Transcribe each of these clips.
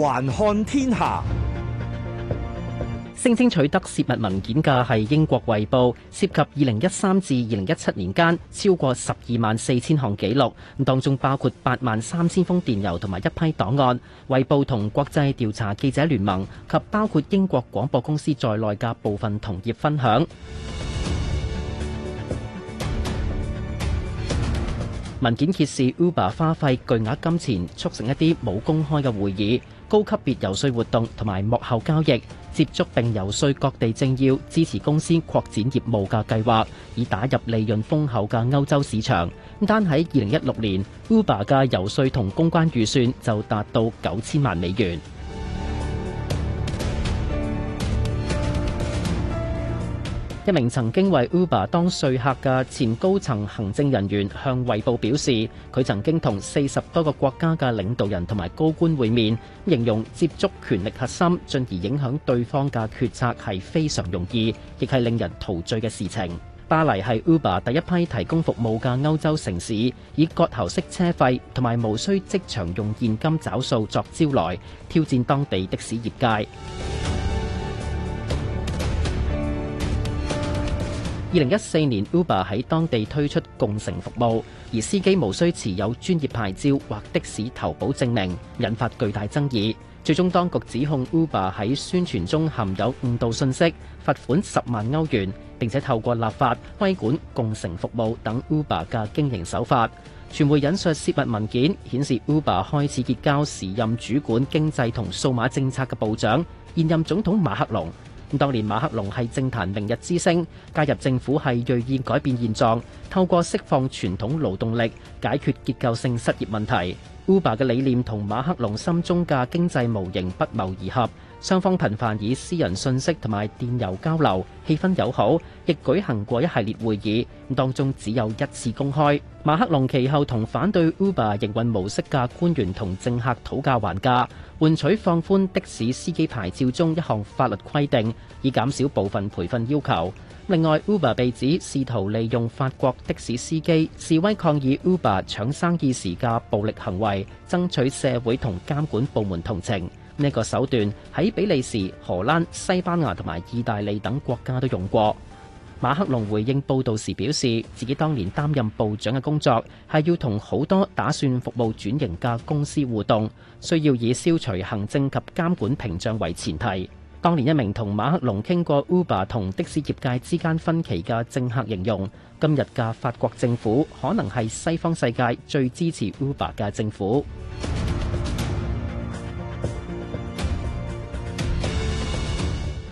環看天下，聲稱取得洩密文件嘅係英國衛報，涉及二零一三至二零一七年間超過十二萬四千項記錄，當中包括八萬三千封電郵同埋一批檔案。衛報同國際調查記者聯盟及包括英國廣播公司在內嘅部分同業分享。文件揭示 Uber 花費巨額金錢促成一啲冇公開嘅會議。高級別遊說活動同埋幕後交易，接觸並遊說各地政要，支持公司擴展業務嘅計劃，以打入利潤豐厚嘅歐洲市場。咁單喺二零一六年，Uber 嘅遊說同公關預算就達到九千萬美元。一名曾經為 Uber 當說客嘅前高層行政人員向《衛報》表示，佢曾經同四十多個國家嘅領導人同埋高官會面，形容接觸權力核心，進而影響對方嘅決策係非常容易，亦係令人陶醉嘅事情。巴黎係 Uber 第一批提供服務嘅歐洲城市，以割頭式車費同埋無需即場用現金找數作招來挑戰當地的士業界。二零一四年，Uber 喺當地推出共乘服務，而司機無需持有專業牌照或的士投保證明，引發巨大爭議。最終，當局指控 Uber 喺宣傳中含有誤導信息，罰款十萬歐元，並且透過立法規管共乘服務等 Uber 嘅經營手法。傳媒引述洩密文件顯示，Uber 開始結交時任主管經濟同數碼政策嘅部長、現任總統馬克龍。當年馬克龍係政壇明日之星，加入政府係銳意改變現狀，透過釋放傳統勞動力解決結構性失業問題。Uber 嘅理念同馬克龍心中嘅經濟模型不謀而合。雙方頻繁以私人信息同埋電郵交流，氣氛友好，亦舉行過一系列會議。咁當中只有一次公開。馬克龍其後同反對 Uber 營運模式嘅官員同政客討價還價，換取放寬的士司機牌照中一項法律規定，以減少部分培訓要求。另外，Uber 被指試圖利用法國的士司機示威抗議 Uber 搶生意時嘅暴力行為，爭取社會同監管部門同情。呢個手段喺比利時、荷蘭、西班牙同埋意大利等國家都用過。馬克龍回應報道時表示，自己當年擔任部長嘅工作係要同好多打算服務轉型嘅公司互動，需要以消除行政及監管屏障為前提。當年一名同馬克龍傾過 Uber 同的士業界之間分歧嘅政客形容，今日嘅法國政府可能係西方世界最支持 Uber 嘅政府。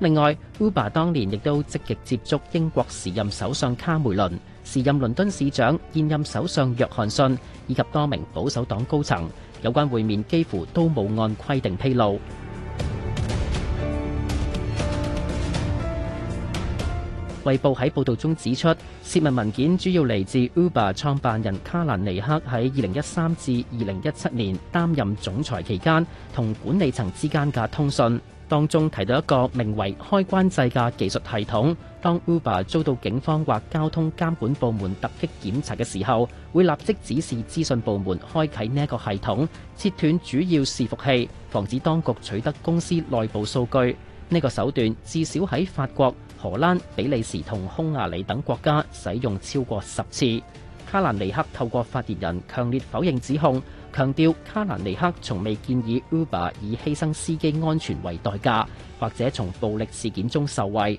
另外，Uber 當年亦都積極接觸英國時任首相卡梅倫、時任倫敦市長、現任首相約翰遜以及多名保守黨高層，有關會面幾乎都冇按規定披露。《衛 報》喺報導中指出，泄密文件主要嚟自 Uber 創辦人卡蘭尼克喺二零一三至二零一七年擔任總裁期間同管理層之間嘅通訊。當中提到一個名為開關制嘅技術系統，當 Uber 遭到警方或交通監管部門突擊檢查嘅時候，會立即指示資訊部門開啟呢一個系統，切斷主要伺服器，防止當局取得公司內部數據。呢個手段至少喺法國、荷蘭、比利時同匈牙利等國家使用超過十次。卡蘭尼克透過發言人強烈否認指控。強調，卡蘭尼克從未建議 Uber 以犧牲司機安全為代價，或者從暴力事件中受惠。